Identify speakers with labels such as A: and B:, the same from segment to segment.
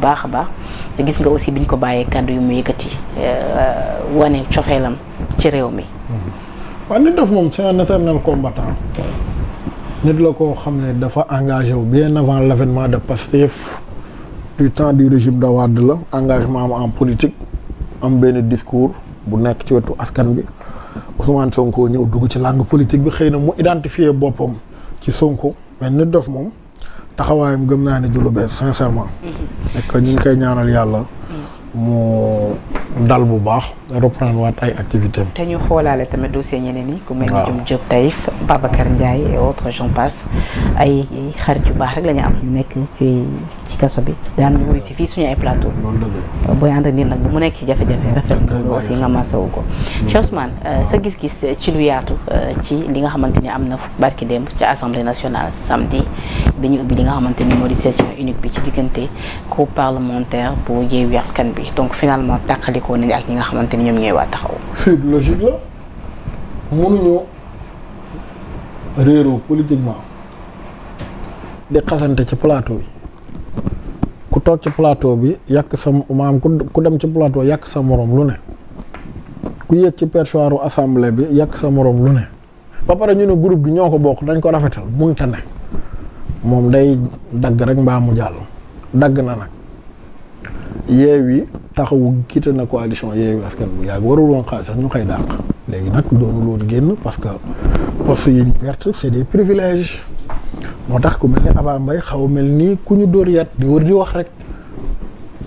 A: baax a baax gis nga aussi biñ ko bàyyee kàddu yu mu yëkkati euh, wane cofeelam
B: ci réew mi. Mhm. waaw nit daf moom c'est un éternel combattant. nit la ko xam ne dafa engagé wu bien avant l'avènement de Pastef du temps du régime de la engagement am en politique am benn discours bu nekk ci wetu askan bi Ousmane Sonko ñëw dugg ci langue politique bi xëy na mu identifier boppam ci Sonko mais nit dof moom taxawaayam gëm naa ne du lu bees sincèrement. Mhm. nekk ñu ngi koy ñaanal yàlla. mu dal bu baax reprendre waat ay activité
A: te ñu xoolaale tamit dossier ñeneen yi ku mel ni Jom Diop Taïf Babacar Ndiaye et autres j'en passe ay xarit yu baax rek la ñu am nekk kaso bi daan wuy fii suñu ay plateau booy ànd nit nag bu mu nekk ci jafe-jafe rafet loolu aussi nga masawu ko mm. Cheikh Ousmane euh, sa gis-gis euh, ci lu yaatu euh, ci li nga xamante ni am na barki dem ci assemblée nationale samedi bi ñu ubbi li nga xamante ni moo di session unique bi ci diggante groupe parlementaire bu Yewwi Askan Wi donc finalement tàqalikoo nañu ak ñi nga xamante ni ñoom ñooy waa taxaw
B: c'est logique la mënuñoo réeroo politiquement di xasante toog ci plateau bi yàkk sa maam ku dem ci plateau yàq sa morom lu ne ku yéeg ci perchoiru assemblée bi yàkk sa moroom lu ne ba pare ñu ne group gi ñoo ko bokk dañ ko rafetal mu ngi ne moom day dagg rek mbaa mu jàll dagg na nag yi Taxawu quitté na coalition Yewwi Askan bu yàgg warul woon xaalis sax ñu xëy dàq léegi nag doonul woon génn parce que poste yi ñu perte c'est des privilèges moo tax ku mel ni Aba Mbaye xaw mel nii ku ñu dóor yat di wër di wax rek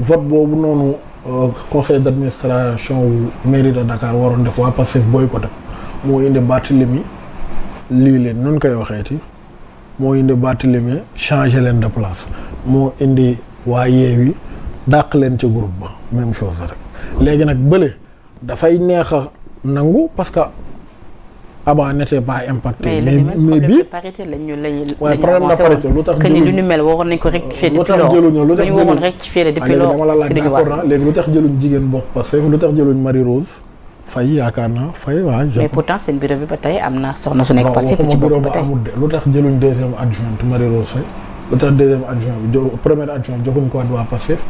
B: vote boobu noonu euh, conseil d' administration wu mairie de Dakar waroon def waa Pastef boycotté ko moo indi Barthélemy lii leen nun koy waxeeti moo indi Barthélemy changé leen de place moo indi waa Yewwi dàq leen ci groupe ba même chose rek léegi nag bële dafay neex a nangu parce que avant ah n'était pas impacté. mais lu
A: tax na léegi
B: lu tax jëluñ jigéen bokk parce que lu tax jëluñ Marie Rose Faye yaakaar naa Faye waaw mais
A: pourtant seen bureau bi ba tey am na soxna su nekk passé ci bureau ba amul
B: de lu tax jëluñ deuxième adjointe Marie Rose Faye lu tax deuxième adjoint bi première adjoint joxuñ ko waa Pastef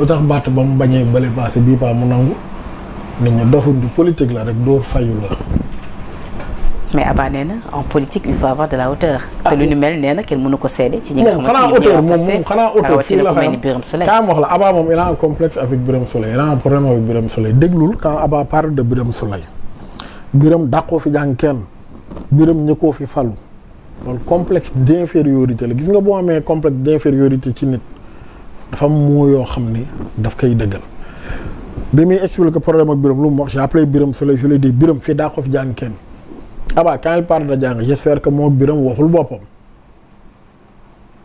B: lu tax baat ba mu bañee bële passé bii paa mu nangu nit ñi dofuñ di politique la rek doo fayu
A: mais Abba nee en politique il faut de la hauteur. Ah te lu ñu mel nee na kenn mënu ko seede. ci ñi nga xamante moom xanaa hauteur fii la xam kaam
B: wax la Abba moom il a un complexe avec Birame Souleye il problème avec Birame Souleye de Birame fi jàng kenn fi falu loolu complexe d' infériorité la gis nga boo amee complexe d' infériorité ci nit dafa moo yoo xam ne daf koy dëggal. bi muy expliqué lu mu wax j' ai appelé Birame fii dàqoo fi jàng kenn. Aba ah quand il parle de jàng j'espère que moom biram waxul boppam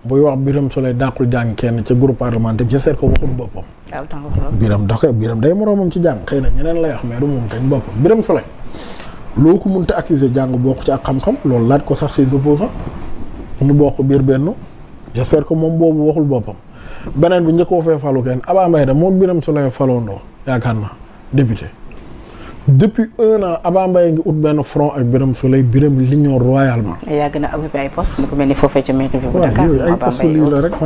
B: buy wax biram Souleye dàqul jàng kenn ca groupe parlementaire j'espère ko waxul boppam. waaw tàngoor Birame da koy Birame day moroomam ci jàng xëy na ñeneen lay wax mais du moom kañ boppam Birame Souleye loo ko mënta accuser jàng bokk ci ak xam-xam loolu laaj ko sax ses opposants ñu bokk biir benn j'espère ko moom boobu waxul boppam beneen bi njëkkoo fee falu kenn Aba Mbaye da moom Birame Souleye faloondoo yaakaar naa député. depuis un an Abba Mbaye ngi ut benn front ak Birame Souleye Birame l'union royalement.
A: yàgg na occupé ay poste lu ko mel ni foofee ca mairie bi bu Dakar yooyu ay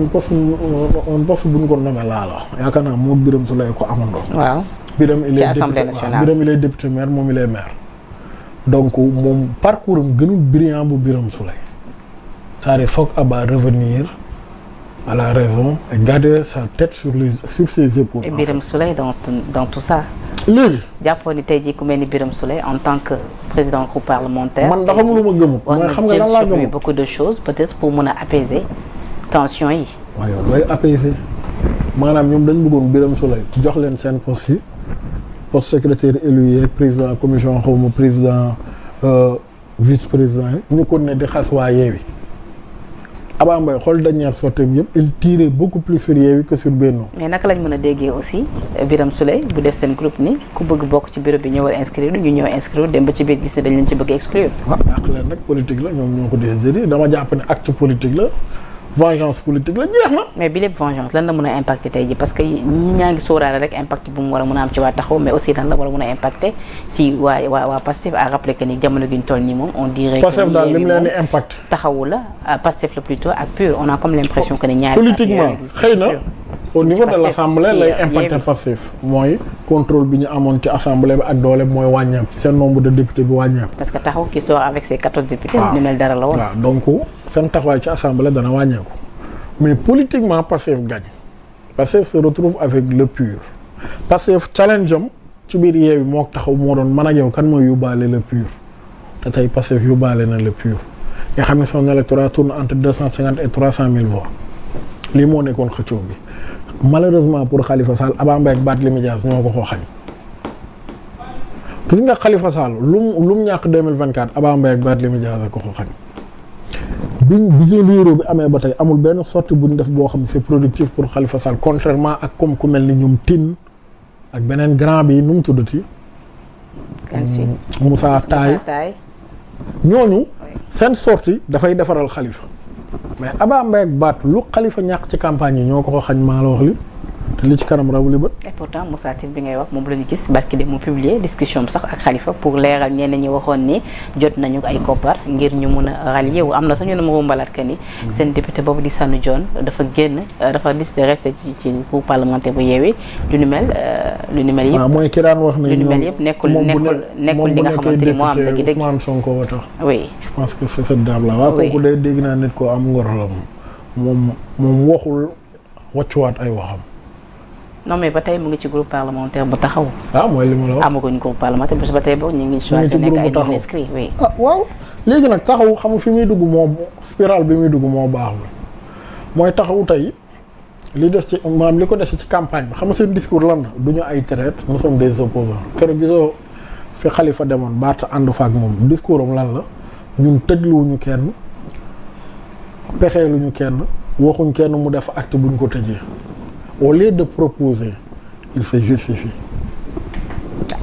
B: poste bu ñu ko nommé laa la yaakaar naa moo Birame Souleye ko amandoo. waaw Birame il est député ci assemblée nationale Birame maire moom il maire. donc moom parcours mu gënul brillant bu Birame Souleye. c'est-à-dire foog Abba revenir. à la raison et garder sa tête sur les sur ses épaules. et Birame dans tout ça. léegi
A: jàppoon ni tey jii ku mel ni Birame Souleye en tant que président groupe parlementaire. man dafa
B: mënu ma gëmul mooy xam nga lan laa gëmul
A: beaucoup de choses peut pour mun a apaiser tension yi.
B: waaw yow looy apaiser maanaam ñoom dañ bëggoon Birame Souleye jox leen seen poste yi poste secrétaire élu yeeg président commission xaw ma président euh, vice président yi. ñu ko ne di xas waa yeewi Abba Mbaye xool dernière sortie yëpp il beaucoup plus sur Yewwi que sur Benno
A: mais naka lañ mën a déggee aussi euh, Birame Souleye bu def seen groupe ni ku bëgg bokk ci bureau bi ñëw war a ñu ñëw inscrire dem ba ci biir gis ne dañ leen ci bëgg exclure
B: waaw ak leen nag politique la ko décidé dama jàpp ne acte
A: politique la vengeance politique la jeex na. mais bi lépp vengeance lan la mën a impacter tey ji parce que ñi ñaa ngi sóoraale rek impact bu mu war a mën a am ci waa taxaw la war la euh, Pastef la ak pur on a comme l' impression ni ñaari. politiquement xëy na au niveau de l' lay euh, impacter
B: Pastef mooy contrôle bi ñu amoon ci assemblée ak doole mooy wàññeeku seen nombre de députés bi wàññeeku. parce que taxaw ki soo avec ses quatorze députés. waaw dara la woon seen taxawaay ci assemblée dana wàññeeku mais politiquement Pastef gagne Pastef se retrouve avec le pur Pastef challenge am ci biir yeewi moo taxaw moo doon man a yow kan mooy yóbbaale le pur te tey Pastef yóbbaale na le pur nga xam ne son électorat tourne entre deux cent cinquante et trois cent mille voix lii moo nekkoon xëccoo bi malheureusement pour xalifa Sall Abba Mbaye ak Barthélémy Dias ñoo ko koo xañ gis nga Khalifa Sall lu mu lu mu ñàkk deux mille vingt a biñ bi seen réeróo bi amee ba tey amul benn sortie bu ñu def boo xam ne c'est productif pour Khalifa Sall contrairement ak comme ku mel ni ñoom tin ak beneen grand bi nu mu tuddati. Hmm, Moussa Taye ñooñu seen sorti dafay defaral xalifa mais Abba Mbaye Baat lu Khalifa ñàkk ci campagne yi ñoo ko ko xañ maa la wax li te li ci kanam rawuli ba et pourtant Moussa Tine bi ngay wax moom
A: la ñu gis barki de mu publier discussion sax ak
B: Khalifa pour leeral
A: ñenn ñi waxoon ni jot nañu ay koppar ngir ñu mun a rallier wu am na sax ñu ne ma mbalaat que ni seen député boobu di Sanu John dafa génn dafa liste resté ci ci groupe parlementaire bu yeewee lu nu mel euh, lu ni mel yëpp waaw ah, mooy ki daan wax ne lu ni mel yëpp nekkul nekkul nekkul li nga xamante ni moo am dëgg dëgg Ousmane
B: Sonko wa tax oui je day dégg naa nit ko am ngor la moom moom moom waxul
A: non mais ba tey mu ngi ci groupe parlementaire bu taxaw. ah mooy li ma la wax amaguñ groupe parlementaire parce que ba tey boobu ñu ngi choisir nekk ay non inscrit oui.
B: Ah, waaw léegi nag taxaw xam fi muy dugg moom spirale bi muy dugg moo baaxul mooy taxaw tey li des ci maanaam li ko des ci campagne bi xam nga seen discours lan la du ñu ay traîtres nous sommes des opposants keroog gisoo fi xalifa demoon baat ànd fa ak moom discours am lan la ñun tëjluwuñu kenn pexeeluñu kenn waxuñ kenn mu def acte buñ ko tëjee. au lieu de proposer il se justifie.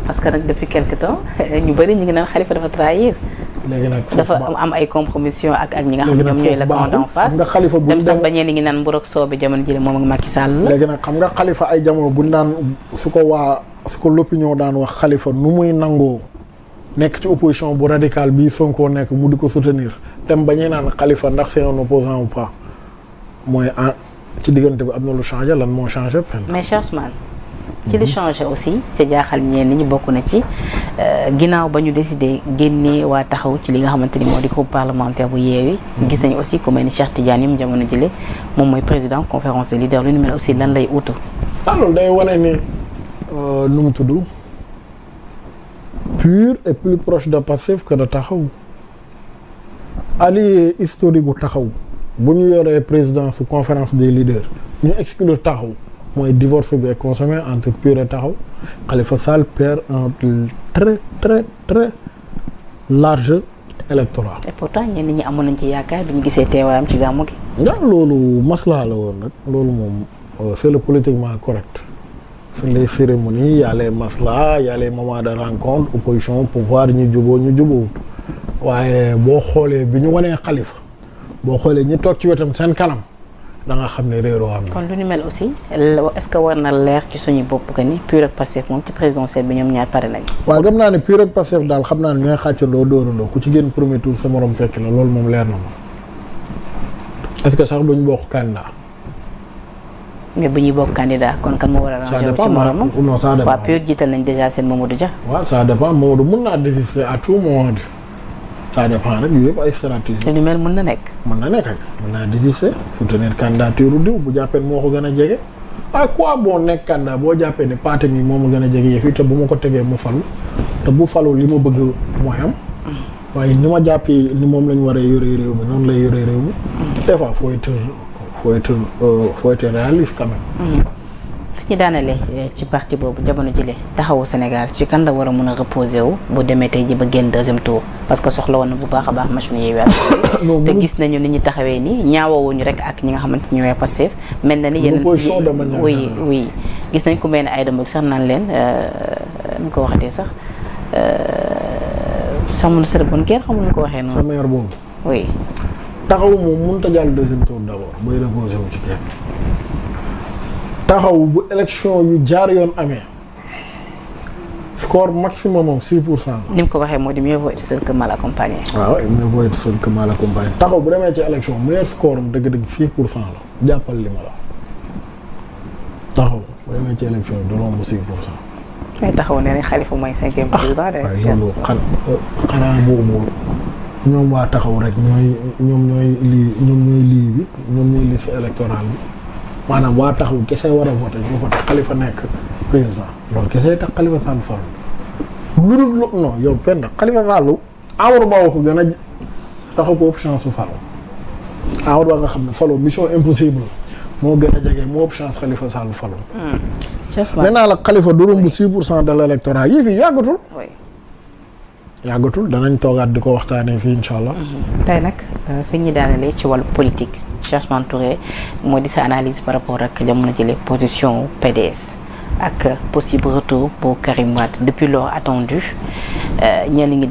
A: parce que nag depuis quelque temps ñu bëri ñu ngi naan Khalifa dafa trahir.
B: léegi nag dafa
A: am ay compromission ak ak ñi nga xam ñoom ñooy la grande en face nga xalifa bu dem sax bañee ngi naan mburok soobe jamono jële moom ak Macky Sall la
B: xam nga xalifa ay jamono buñ daan su ko waa su ko l'opinion daan wax xalifa nu muy nangoo nekk ci opposition bu radical bii Sonko nekk mu di ko soutenir dem bañee naan xalifa ndax c'est un opposant pas ci diggante bi am na lu changé lan moo changé.
A: mais Cheikh Ousmane ci li changé aussi te jaaxal ñenn ñi bokk na ci euh, ginnaaw ba ñu décidé génnee waa taxaw ci li nga xamante ni moo di groupe parlementaire bu yeewi. Mm-hmm. gis nañu aussi ku mel ni Cheikh Tidiane yi mu jamono jële moom mooy président conférence des leaders lu ñu mel aussi lan lay utu.
B: ah loolu day wane ni euh, nu mu tudd pur et plus proche de Pastef que de taxaw allié historique gu taxaw. bu ñu yoree président su conférence des leaders ñu exclure taxaw mooy divorce bi est consommé entre Pur et taxaw Khalifa Sall perd un très très très large électorat. et
A: pourtant ñenn ñi amoon nañ ci yaakaar bi ñu gisee teewaayam ci gàmmu
B: gi. waaw loolu maslaa la woon nag loolu moom euh, c'est le politiquement correct. c'est les cérémonies y a les masla y a les moments de rencontre opposition pouvoir ñu juboo ñu jubóowut waaye boo xoolee bi ñu wanee xalifa boo xoolee ñu toog ci wetam seen kanam da nga xam ne réeroo am na. kon lu
A: ni mel aussi est que war na leer ci suñu bopp que ni PUR ak Pastef moom ci présidentielle bi ñoom ñaar pare nañ.
B: waaw gëm naa ne PUR ak Pastef daal xam naa ne ñooy xàccandoo dóorandoo ku ci génn premier tour sa morom fekk la loolu moom leer na ma est que sax duñ bokk candidat.
A: mais bu ñuy bokk candidat kon kan moo war a. ça dépend non ça dépend waaw PUR jiital nañ déjà seen Mamadou Dia.
B: waaw ça dépend Mamadou mun naa à tout moment. ça dépend rek yooyu yëpp ay stratégie. te ni mel mën na nekk. mën na nekk ak mën naa désister soutenir candidature diw bu jàppee moo ko gën a jege. ak quoi boo nekk candidat boo jàppee ne paate mi moo ma gën a jege yëf te bu ma ko tegee mu falu te bu falu li ma bëgg mooy am. waaye ni ma jàppee ni moom lañu ñu war a yore réew mi noonu lay yore réew mi. des fois faut être faut être euh, faut être réaliste quand
A: même. Mm. ñi ñu daanale eh, ci parti boobu jamono jile taxawu Sénégal ci kan la war a mën a reposer wu bu demee tey ji ba génn deuxième tour parce que soxla woon na bu baax a baax machine yi wàllu te gis nañu ni ñu taxawee nii ñaawoowuñu rek ak ñi nga xamante ñu wee passif mel na ni yeneen oui oui gis nañ ku mel ne ay dambog sax naan leen euh, nu ko waxatee sax samul sër bon kenn xamul ko waxee noonu sa maire boobu oui
B: taxaw moom mënut a jàll taxaw bu élection yu jaar yoon amee score maximum moom 6 pour cent ni mu ko waxee moo di mieux vaut être seul que mal waaw mieux vaut être seul que mal accompagné taxaw bu demee ci élection meilleur score am dëgg-dëgg 6 pour cent la li ma la taxaw bu demee ci élection yi pour
A: cent. taxaw nee nañ Khalifa mooy cinquième ah, président. waaw
B: xanaa boobu ñoom waa taxaw rek ñooy ñoom ñooy lii ñoom ñooy lii bi ñoom ñooy liste électorale bi. maanaam waa taxaw kese war a voté ñu voté Khalifa nekk président loolu kese tax Khalifa Sall falu lu dul lu non yow benn Khalifa Sall Amadou Ba ko gën a sax ko ëpp chance su falu Amadou Ba nga xam ne falu mission impossible moo gën a jege moo ëpp chance Khalifa Sall falu. maintenant hmm. la Khalifa du romb 6 pour cent de l' électorat yii fii yàggatul. yàggatul danañ toogaat di ko waxtaanee fii incha allah. Hmm.
A: tey nag euh, fi ñuy daanelee
B: ci wàllu politique.
A: Cheikh Ousmane Touré moo di sa analyse par rapport ak jamono jële position PDS ak possible retour pour Karim Wade depuis lors attendu euh, ñenn ñi